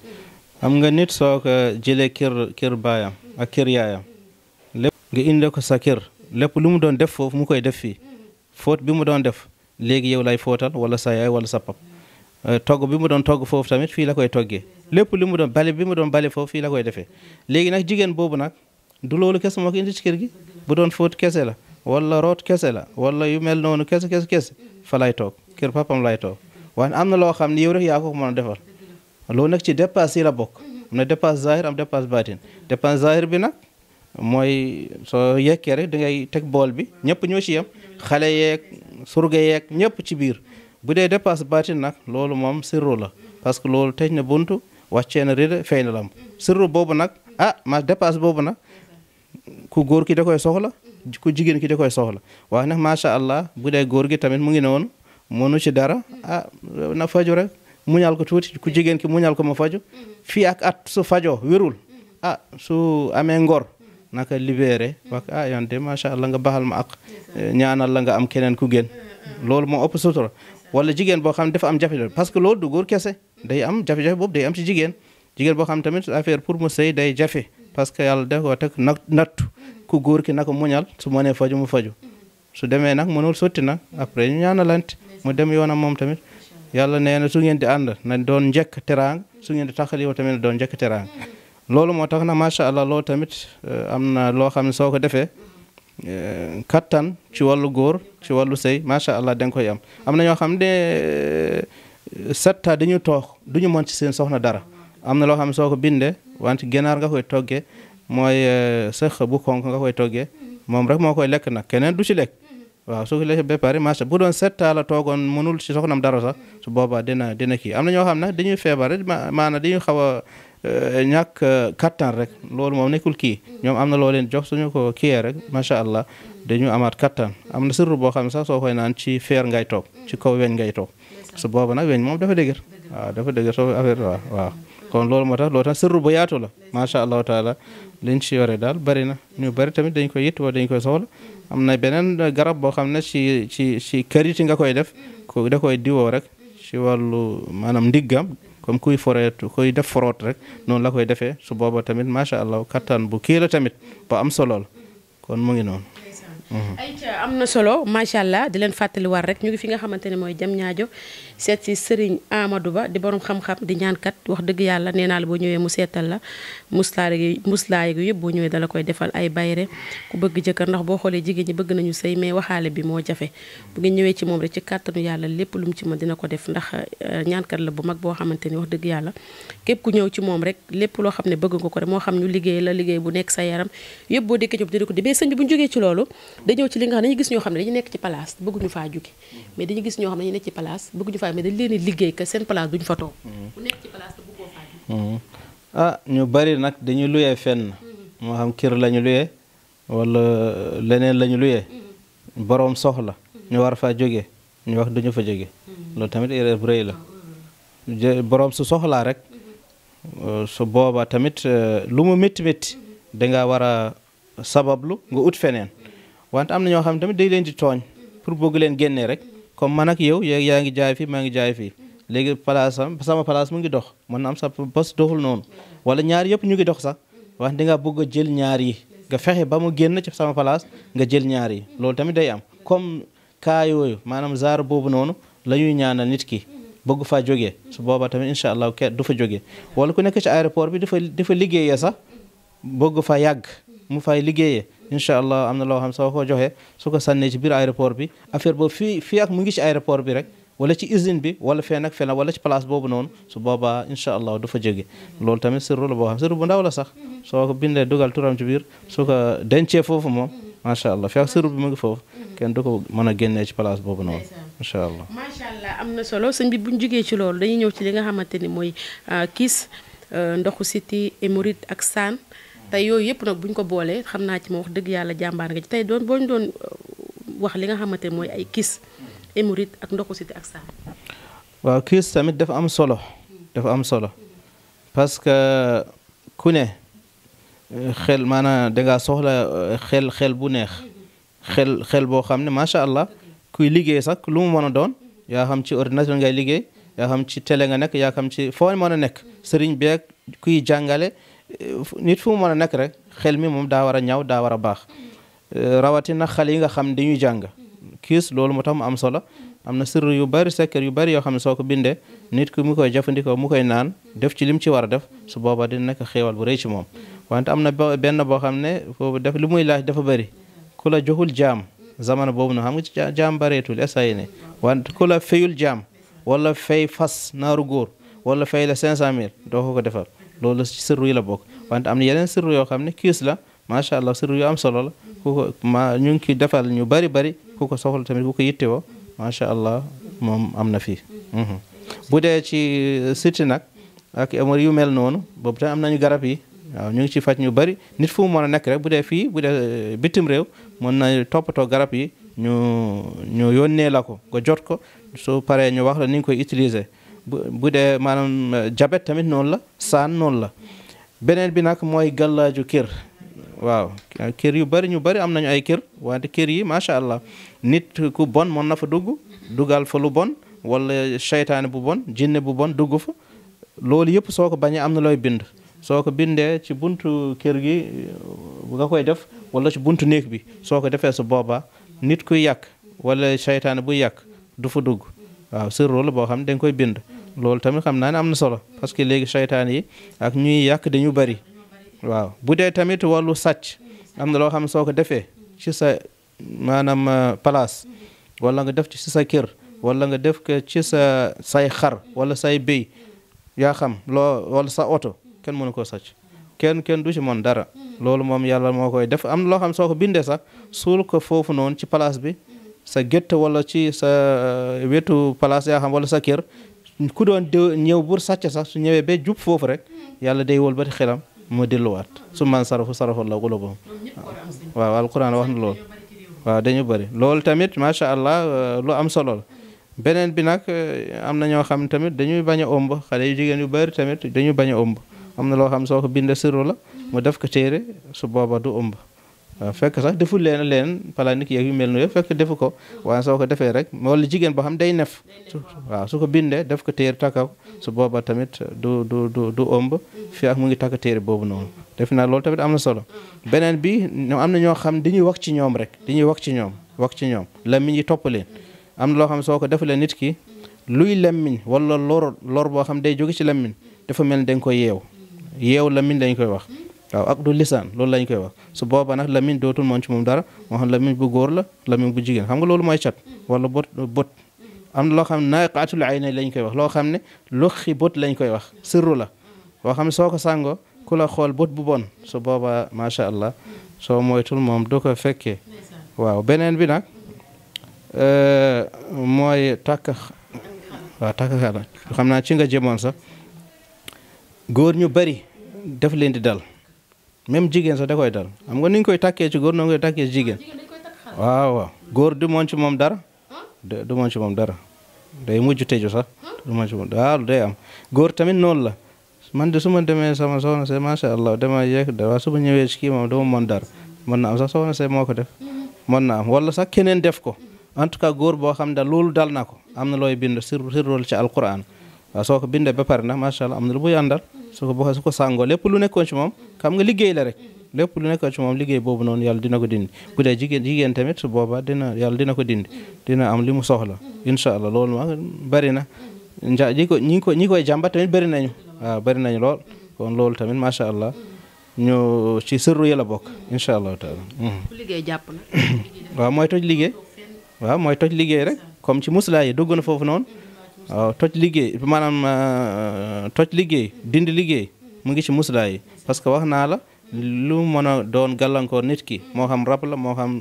am nga nit soo ko jëlee kër kër baayam ak kër yaayam lépp nga indi ko sa kër lépp lu mu doon def foofu mu koy def fii fóot bi mu doon def léegi yow lay fóotal wala sa yaay wala sa pap euh, togg bi mu doon togg foofu tamit fii la koy toggee lépp lu mu doon bale bi mu doon bale foofu fii la koy defee léegi nag jigéen boobu nag du loolu kese moo ko indi ci kër gi bu doon fóot kese la wala root kese la wala yu mel noonu kese kese kese fa lay toog kër papam lay toog waaye am na loo xam ne yow rek yaa ko mën a defal loolu nag ci dépense yi la bokk mhm. na dépense zahir am dépense baatin dépense zahir bi nag mooy soo yekkee rek da ngay teg bool bi ñëpp ñoo ci yem xale yeeg surga yeeg ñëpp ci biir bu dee dépense baatin nag loolu moom sirru la parce que loolu tëj na buntu wàccee na rida fay na lam mhm. sirru boobu nag ah ma dépense boobu nag ku góor ki da koy soxla mhm. ku jigéen ki de koy soxla waa nag macha allah bu dee góor gi tamit mu ngi noonu mënu ci dara a ah, na faju muñal ko tuuti ku jigéen ki muñal ko mu faju mm-hmm. fii ak at su fajo wérul mm-hmm. a ah, su amee ngor mm-hmm. naka libéré wax ah yoon de macha allah nga baxal ma ak eh, ñaanal la nga am keneen ku gën loolu moo ëpp sutura wala jigéen boo xam ne dafa am jafe dool parce que loolu du góor kese day am jafe-jafe boobu day am ci jigéen jigéen boo xam tamit affaire pour mu sëy day jafe parce que yàlla def ko teg nattu ku góor ki naka muñal su mënee faju mu faju su demee nag mënul sotti nag après ñu ñaanalante mu dem yoonam moom tamit yàlla nee na su ngeen di ànd na doon njëkk teraanga su ngeen di taxali tamit na doon njëkk teraanga loolu moo tax na macha allah loolu tamit eh, am na loo xam soo ko defee eh, kattan ci wàllu góor ci wàllu sëy macha allah danga koy am am na ñoo xam ne eh, satta dañu toog du ñu mën ci seen soxna dara am na loo xam soo ko bindee wante ginaar nga koy toggee mooy sëx bu xonk nga koy toggee moom rek moo koy lekk nag keneen du ci lekk. waaw su la ba pare macha bu doon seet la toogoon mënul si soxnam dara sax su boobaa dina dina kii am na ñoo xam ne dañuy feebar rek maana dañuy xaw a euh, ñàkk euh, kattan rek loolu moom nekkul kii ñoom am na loo leen jox suñu ko kiyee rek macha allah dañu amaat kattan am na sirru boo xam ne sax soo koy naan ci feer ngay toog ci kaw weñ ngay toog su booba nag weñ moom dafa dëgër waaw dafa dëgër soo affaire waaw waaw kon loolu moo tax loolu tax sërru bu yaatu la macha allahu taala liñ ci yore daal bari na ñu bari tamit dañ koy yitt wala dañ koy soxla am na beneen garab boo xam ne ci ci ci karité nga koy def ko da koy diwoo rek ci wàllu maanaam ndiggam comme kuy foreetu koy def foroot rek noonu la koy defee su booba tamit macha allah kattan bu kii tamit ba am solo kon mu ngi noonu Mm-hmm. ayca am na solo macha allah di leen fàttali fàttaliwaat rek ñu ngi fi nga xamante ne mooy jam ñaajo seet si Serigne Amadou Ba di borom xam-xam di ñaankat wax dëgg yàlla nee naa la boo ñëwee mu seetal la muslaay gi muslaay yëpp boo ñëwee dala koy defal ay bayre ku bëgg jëkkër ndax boo xoolee jigéen ñi bëgg nañu sëy mais waxaale bi moo jafe ñëwee ci moom rek ci kàttanu yàlla lépp lu mu ci mën dina ko def ndax euh, ñaankat la bu mag boo xamante ni wax dëgg yàlla képp ku ñëw ci moom rek lépp loo xam ne bëgg nga ko rek moo xam ñu liggéey la liggéey bu nekk sa yaram yëpp boo dikkee ci dina ko di mais bu ñu jógee ci loolu dañoo ci li nga xam ne dañu gis ñoo xam ne dañu nekk ci place bëgguñu faa jóge mais dañu gis ñoo xam ne dañu nekk ci place bëgguñu faa mais leen liggéey que seen place duñu fa toog. Mm-hmm. Mm-hmm. ah ñu bari nag dañu luyee fen mm-hmm. moo xam kër lañu luye wala leneen lañu luyee. boroom soxla. ñu war faa jóge ñu wax duñu fa jóge loolu tamit erreur bu rëy la. boroom su soxlaa rek. Uh, su booba tamit uh, lu mu métti métti. da nga war a sabablu nga ut feneen. wante am na ñoo xam ne tamit day leen di tooñ pour bogg leen génnee rek comme man ak yow yow yaa ngi jaay fi maa ngi jaay fii léegi place sama place mu ngi dox mën am sa bos doxul noonu wala ñaar yëpp ñu ngi dox sax wax di nga bëgg a jël ñaar yi nga fexe ba mu génn ci sama place nga jël ñaar yi loolu tamit day am comme cas yooyu maanaam zaar boobu noonu la ñuy ñaanal nit ki bëgg faa jógee su boobaa tamit incha allah ke du fa jógee wala ku nekk ci aéroport bi dafa dafa liggéeyee sax bëgg fa yàgg mu fay liggéeye incha allah am na loo xam soo ko joxee su ko sànnee ci biir aéroport bi affaire boobu fii fii ak mu ngi ci aéroport bi rek wala ci usine bi wala fenn ak fenn ci place boobu noonu su boobaa incha allah du fa jóge loolu tamit sirru la boo xam sirru bu foofu moom macha allah fii sirru bi mu foofu kenn du ko mën a génnee ci place boobu noonu incha allah. am na solo sëñ bi bu ñu jógee ci loolu dañuy ñëw ci li nga mooy ah, kiis ah, ndoxu siti émorite ak saan. tey yooyu yëpp nag bu ñu ko boolee xam naa ci ma wax dëgg yàlla jàmbaar nga ci tey doon boo ñu doon uh, wax li nga xamante mooy ay kiis émorite ak ndoxu siti ak saam waaw kiis tamit dafa am solo dafa am solo parce que ku ne uh, xel maanaam dangaa soxla uh, xel xel bu neex xel xel boo xam ne macha allah kuy liggéey sax lu mu mën a doon yaa xam ci ordinateur ngay liggéey yaa xam ci télé nga nekk yaa xam ci foo mën a nekk sëriñ beeg kuy jàngale nit fu mu mën a nekk rek xel mi moom daa war a ñaw daa war a baax euh, rawatina xale yi nga xam dañuy jàng kiis loolu moo tax mu am solo am na sirru yu bari secret yu bari yoo xam ne soo ko bindee nit ki mu koy jëfandikoo mu koy naan def ci lim ci war a def su boobaa dina nekk xéewal bu rëy ci moom wante am na benn boo xam ne foofu def li muy laaj dafa bari kula la joxul jaam zamana boobu noonu xam ci jaam bareetul essayé ne wante ku la fayul jaam wala fay fas naaru góor wala fay la 500000 doo ko ko loolu ci sirru yi la bokk wante am na yeneen sirru yoo xam ne kiis la macha allah sirru yu am solo la ku ko ma ñu ngi ki defal ñu bari bari ku ko soxla tamit ku ko yittewoo macha allah moom am na fii mhm. bu dee ci euh, siti nag ak émor yu mel noonu boobu tam am nañu garab yi waaw ñu ngi faj ñu bari nit fu mu mën rek bu dee fii bu dee euh, bitim réew mën na toppatoo garab yi ñu ñu yónnee la ko nga jot ko soo paree ñu wax la ni nga koy utiliser bu dee maanaam euh, jabet tamit noonu la saan noonu la beneen bi nag mooy gàllaaju kër waaw euh, kër yu bari ñu bari am nañu ay kër wante kër yi macha allah nit ku bon mën na fa dugg dugal fa lu bon wala seytaane bu bon jinne bu bon dugg fa loolu yëpp soo ko bañee am na looy bind soo ko bindee ci buntu kër gi euh, nga koy def wala ci buntu néeg bi soo ko defee su booba nit kuy yàq wala seytaane buy yàq du fa dugg waaw sër loolu boo xam ne dañ koy bind loolu tamit xam naa ne am na solo parce que léegi seytaan yi ak ñuy yàq dañu bari waaw bu dee tamit wallu sàcc am na loo xam ne soo ko defee ci sa maanaam euh, place wala nga def ci sa kër walla nga def ko ci sa say xar wala say béy yaa xam loo wala sa oto kenn mënu koo sàcc kenn kenn du ci mën dara loolu moom yàlla moo koy def am na loo xam soo ko bindee sax suul ko foofu noonu ci place bi sa gétt wala ci sa euh, wetu place yaa xam wala sa kër ku doon ñëw bur sàcc sax su ñëwee be jub foofu rek yàlla day wëlbati xelam mu delluwaat su man sarafu sarafu la gula boobu waaw alquran wax na lool waaw dañu bëri loolu tamit macha allah euh, lu am solo la beneen bi nag euh, am na ñoo xam tamit dañuy bañ omb xale yu jigéen yu bëri tamit dañuy bañ a omb am na loo xam soo ko bindee sirru la mu def ko téere su booba du omb Euh, fekk sax deful leen leen palaa palaanik yeeg yu mel noonu yëpp fekk defu ko waaye soo ko defee rek wala jigéen boo xam day nef waaw su ko bindee def ko téere takkaw su booba tamit du du du du ëmb fii ak mu ngi takk téere boobu noonu def naa loolu tamit am na solo beneen bi ñoom am na ñoo xam dañuy wax ci ñoom rek dañuy wax ci ñoom wax ci ñoom làmmiñ yi topp leen am na loo xam soo ko defalee nit ki luy làmmiñ wala lor boo xam day jóge ci làmmiñ dafa mel ni dañ koy yeew yeew làmmiñ lañ koy wax waaw ak du lisaan loolu lañ koy wax su booba nag lamiñ dootul moom ci moom dara moo xam lamiñ bu góor la lamiñ bu jigéen xam nga loolu mooy cat wala bot bot am na loo xam ne naaqaatul ayna lañ koy wax loo xam ne loxi bot lañ koy wax sirru la loo xam ne soo ko sàngoo ku la xool bot bu bon su booba macha allah soo moytul moom du ko fekkee waaw beneen bi nag euh, mooy takk waaw takk xam naa ci nga jëmoon sax góor ñu bari def leen di dal même jigéen sax da koy dal xam nga ni ñu koy takkee ci góor noonu koy takkee ci jigéen waaw waaw góor du moon ci moom dara du moon ci moom dara day mujj tëju sax du moon ci moom waaw day am góor tamit noonu la man de su ma demee sama soxna see macha allah dama yegg ma ñëwee kii moom dama mën dara mën na am sax soxna see moo ko def mën na am wala sax keneen def ko en tout cas góor boo xam ne loolu dal na ko am na looy bind sir sirrol ci alquran waaw soo ko bindee ba pare nag macha allah am na lu muy ko boo su ko sàngoo lépp lu nekkoon ci moom xam nga liggéey la rek lépp lu nekkoon ci moom liggéey boobu noonu yàlla dina ko dindi bu dee tamit su dina yàlla dina ko dindi dina am li mu soxla incha allah lool ma bari na nja ñi ko ñi ko ñi koy jàmbat tamit bari nañu waaw bari nañu lool kon loolu tamit macha allah ñu ci sërru yi la bokk incha allah taala. Mm-hmm. liggéey jàpp na. waaw mooy toj liggéey. waaw rek comme ci muslaa yi dugg foofu noonu. waaw toj liggéey maanaam euh, toj liggéey dindi liggéey mu ngi ci muslaa yi parce que wax naa la lu mën a doon gàllankoor nit ki moo xam rab la moo xam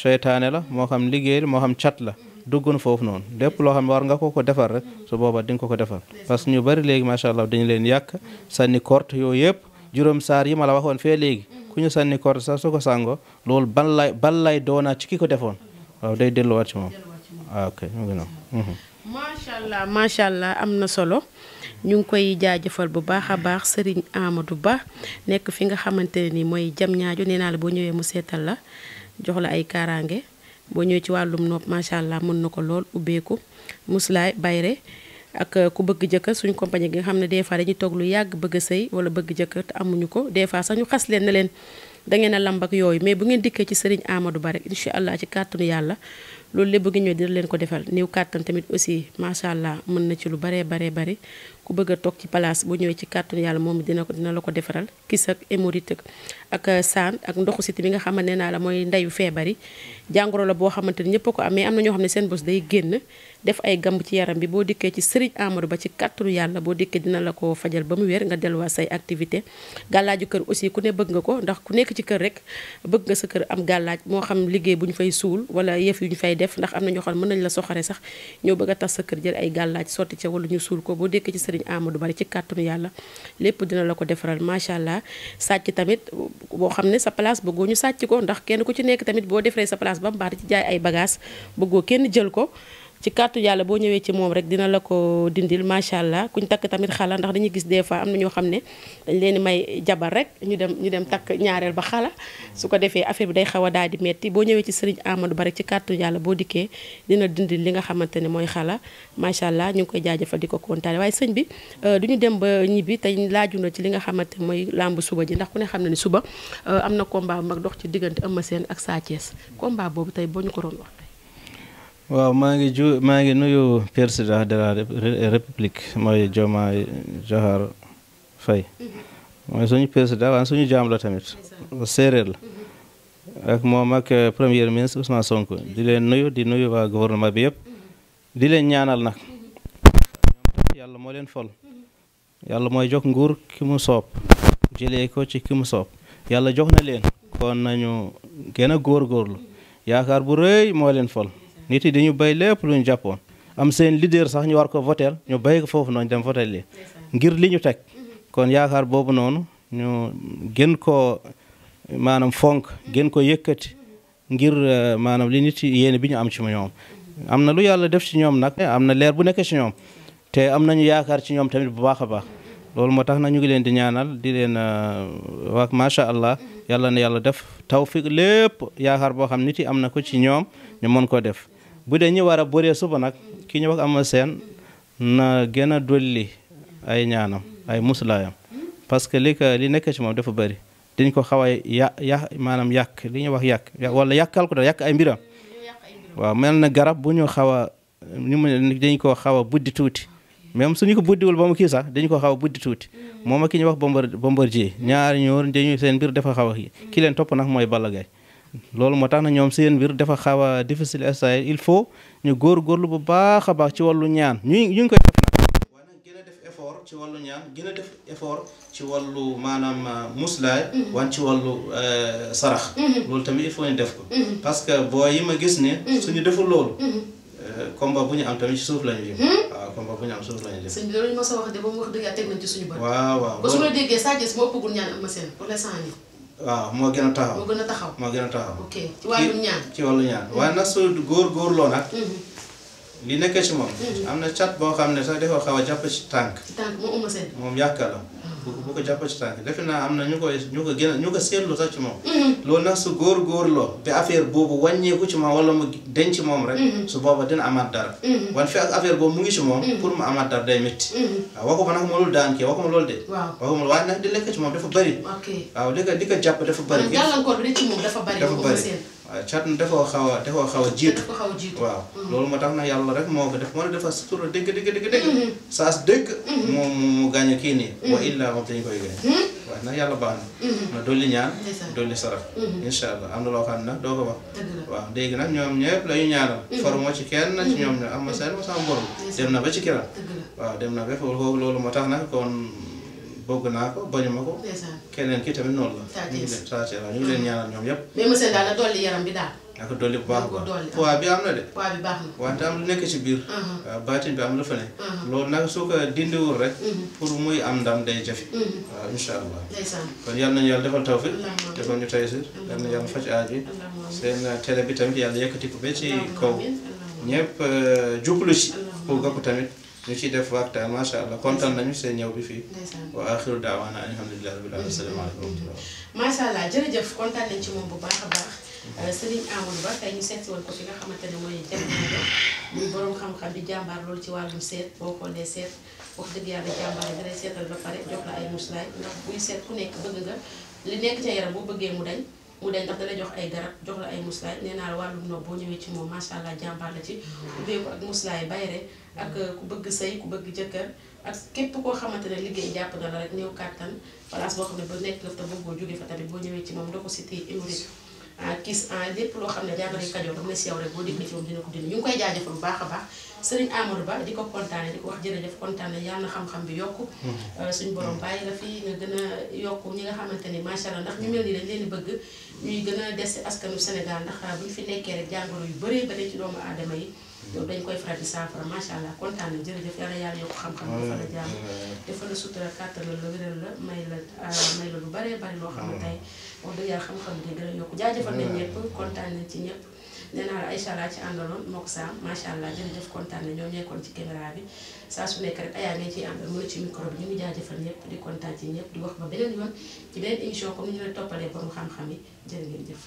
seytaane la moo xam liggéey moo xam cat la duggun foofu noonu lépp loo xam ne war nga ko ko defar rek su booba di ko ko defar parce que ñu bari léegi macha allah dañu leen yàq sànni korte yooyu yëpp juróom saar yi ma la waxoon fee léegi ku ñu sànni sa sax su ko sàngoo loolu ban lay ban lay doonaat ci ki ko defoon day delluwaat ci moom ah, macha allah macha allah am na solo ñu ngi koy jaajëfal bu baax a baax sëriñ Amadou Ba nekk fi nga xamante ne nii mooy jam ñaajo nee naa la boo ñëwee mu seetal la jox la ay kaaraange boo ñëwee ci wàllum nopp macha allah mën na ko lool ubbeeku muslaay bayre ak uh, ku bëgg jëkkër suñu compagnie gi nga xam ne des fois dañuy toog lu yàgg bëgg a sëy wala bëgg jëkkër te amuñu ko des fois sax ñu xas leen na leen da ngeen a lamb yooyu mais bu ngeen dikkee ci sëriñ Amadou Ba rek incha allah ci kàttanu yàlla. loolu lépp bëgg ñëw dina leen ko defal néew kàttan tamit aussi macha allah mën na ci lu baree baree bari ku bëgg toog ci place bu ñëwee ci kàttan yàlla moom dina ko dina la ko defaral kis ak émorite ak euh, saan ak ndoxu siti bi nga xam ne naa la mooy ndeyu feebar yi jàngoro la boo xamante ni ñëpp ko am mais am na ñoo xam ne seen bos day génn def ay gamb ci yaram bi boo dikkee ci sëriñ Amadou Ba ci kàttanu yàlla boo dikkee dina la ko fajal ba mu wér nga delluwaat say activité gàllaaju kër aussi ku ne bëgg nga ko ndax ku nekk ci kër rek bëgg nga sa kër am gàllaaj moo xam liggéey bu ñu fay suul wala yëf yu ñu fay def ndax am na ñoo xam ne mën nañ la soxare sax ñëw bëgg a tas sa kër jël ay gàllaaj sotti ca ñu suul ko boo dikkee ci sëriñ Amadou Ba ci kàttanu yàlla lépp dina la ko defaral macha allah sàcc tamit boo xam ne sa place bëggoo ñu sàcc ko ndax kenn ku ci nekk tamit boo defaree sa place ba mu baax di ci jaay ay bagage bëggoo kenn jël ko ci kàttu yàlla boo ñëwee ci moom rek dina la ko dindil macha allah kuñ takk tamit xala ndax dañuy gis des fois am na ñoo xam ne dañ leen di may jabar rek ñu dem ñu dem takk ñaareel ba xala su ko defee affaire bi day xaw a daal di metti boo ñëwee ci sëriñ Amadou Ba ci kàttu yàlla boo dikkee dina dindil li nga xamante ne mooy xala macha allah ñu ngi koy jaajëfal di ko kontaane waaye sëñ bi euh, duñu dem ba ñibbi te laaju na ci li nga xamante mooy làmb suba ji ndax ku ne xam ne ni suba euh, am na combat bu mag dox ci diggante Eumeu seen ak Sa Thiès boobu tey boo ñu ko doon wax waaw maa ngi ju maa ngi nuyu président de la république mooy Diomaye Diakhar Faye mm-hmm. mooy suñu président waaye suñu jaam la tamit séeréer la mm-hmm. ak moom ak euh, premier ministre Ousmane Sonko di leen nuyu di nuyu waa gouvernement bi yëpp mm-hmm. di leen ñaanal nag yàlla moo leen fol yàlla mooy jox nguur ki mu soob jëlee ko ci ki mu soob yàlla jox na leen kon nañu gën a góorgóorlu yaakaar bu rëy moo leen fol nit yi dañu bay lépp lu ñu jàppoon am seen lider sax ñu war ko votel ñu bay ko foofu noonu dem votel li ngir li ñu teg kon yaakaar boobu noonu ñu gën ko maanaam fonk gën ko yëkkati ngir euh, maanaam li nit yi yéene bi ñu am ci ñoom am na lu yàlla def ci ñoom nag am na leer bu nekk ci ñoom te am nañu yaakaar ci ñoom tamit bu baax a baax loolu moo tax na ñu ngi leen di ñaanal di leen euh, wax macha allah yàlla na yàlla def tawfiq lépp yaakaar boo xam nit yi am na ko ci ñoom ñu mën koo def bu dee ñi war a bëree suba nag ki ñu wax Ama seen na gën a dolli ay ñaanam ay muslaayam parce que li ka li nekk ci moom dafa bëri dañ ko xaw a ya ya maanaam yàq li ñuy wax yàq wala yàqal ko daal ay mbiram waaw men na garab bu ñu xaw a ñu mu dañ ko xaw a buddi tuuti même ñu ko buddiwul ba mu kii sax dañu ko xaw buddi tuuti moom ak ki ñu wax bombar bombardier ñaari ñoor dañu seen mbir dafa xaw a ki leen topp nag mooy Balla Gaye loolu moo tax na ñoom seen mbir dafa xaw a difficile instant il faut ñu góorgóorlu bu baax a baax ci wàllu ñaan ñu ñu ngi koy def nag waaye nag gën a def effort ci wàllu ñaan gën a def ci wan ci wàllu euh, mm-hmm. euh, sarax mm-hmm. loolu tamit il faut def ko mm-hmm. parce que boo yi ma gis ne suñu deful loolu euh, combat bu ñu am tamit waaw waaw ba su ma déggee Sa Thiès moo ëppagul ñaan am ma seen pour l'instant nii waaw moo gën a taxaw moo gën a taxaw moo gën a taxaw. ci wàllu ñaan ñaan waaye nag su góor góorloo nag. Mhm. li nekkee ci moom. Mhm. am na cat boo xam ne sax dafa xaw a jàpp ci tànk. ci tànk moom yàq bu ko jàpp ci tànk defe naa am na ñu koy ñu ko gën a ñu ko seetlu sax ci moom mm-hmm. loolu nag su góorgóorloo bi affaire boobu wàññeeku ci moom wala mu denc moom rek mm-hmm. su booba dina amaat dara mm-hmm. wan fi ak affaire boobu mu ngi ci moom pour mu amaat dara day métti waaw waxuma nag ma loolu daan kii waxuma loolu de waxuma waaye nag di lekk ci moom dafa bëri waaw di ko jàpp dafa bëri dafa bëri cat na dafoo xaw a dafoo jiitu waaw mm-hmm. loolu moo tax na yàlla rek moo ko def moo ne dafa sutura dëgg dëgg dëgg dëgg mm-hmm. saas dëgg mm-hmm. moo mu gàññe kii nii wa illaa moom dañu koy gàññe waaw nag yàlla baax na na dolli ñaan am na loo xam ne nag doo ko wax waaw léegi nag ñoom ñëpp la ñu ñaanal formo ci kenn ñoom ne am ma seen ma sama borom dem na ba ci kiram waaw dem na ba foofu loolu moo tax nag kon bëgg naa ko bañuma ko. keneen ki tamit noonu la. ñu ngi leen saa ah. ñu ngi leen ñaanal ñoom yëpp. mais dolli bi daal. na ko dolli bu baax bu baax poids bi am na de. poids bi baax na wante am lu nekk ci biir. waaw uh-huh. ah, baatin bi am la fa ne. Uh-huh. loolu nag soo ko dindiwul rek. Uh-huh. pour muy am ndam day jafe. waaw ah, incha allah. kon yal nañu yàlla defal tawfiq. defal ñu tey si. yal yàlla faj aaj yi. seen télé bi tamit yàlla yëkkati ko ci kaw. ñëpp euh, jublu ci. pour gàpp tamit. ñu ciy def waxtaan macha allah kontaan nañu seen ñëw bi fii. wa axiru daawaana alhamdulilah rabbil alamin asalaamaaleykum. macha allah jërëjëf kontaan nañ ci moom bu baax a baax. Euh, Serigne Amadou Ba tey ñu seet woon ko fi nga xamante ne mooy jamono muy borom xam-xam bi jàmbaar loolu ci wàllum seet boo xoolee seet wax dëgg yàlla jàmbaar yi dalay seetal ba pare jox la ay muslaay ndax buy seet ku nekk bëgg nga li nekk ca yaram boo bëggee mu dañ. mu denc ndax dalay jox ay garab jox la ay muslaay nee naa la wàllum nopp boo ñëwee ci moom macha allah jàmbaar la ci ubbeeku ak muslaay bayre ak mm. ku bëgg sëy ku bëgg jëkkër ak képp koo xamante ne liggéey jàpp na la rek néew kàttan place boo xam ne ba nekk la te bëggoo jóge fa tamit boo ñëwee ci moom doo ko si téye ah gis ah lépp loo xam ne jàngale Kajoor am na si yow rek boo déggee ci moom dina ko dindi ñu ngi koy jaajëfal bu baax a baax sëriñ Amadou Ba di ko kontaane di ko wax jërëjëf kontaane yàlla na xam-xam bi yokk mm-hmm. euh, suñu borom bàyyi la fi nga gën a yokk ñi nga xamante ni macha allah ndax ñu mel ni dañ leen bëgg ñuy gën a des askanu Sénégal ndax buñu fi nekkee rek jàngoro yu bëree bëri ci doomu aadama yi yow dañ koy faral di saafara macha allah kontaan na jërëjëf yàlla yàlla yokk xam-xam. dafa la jàmm dafa la sutura kàttanal la wéral may la may la ah, lu baree bari loo xam ne tey wax dëgg yàlla xam-xam day gën kontaan ci ñëpp. nee naa moo ko macha allah jërëjëf kontaan na ñoo nekkoon ci caméra bi saa su nekk rek ayaa ngay ciy àndal mu ne ci micro bi ñu ngi jaajëfal ñëpp di kontaan ci ñëpp di wax ba beneen yoon ci beneen émission comme ni ñu la toppalee borom xam-xam yi jërë ngeen jëf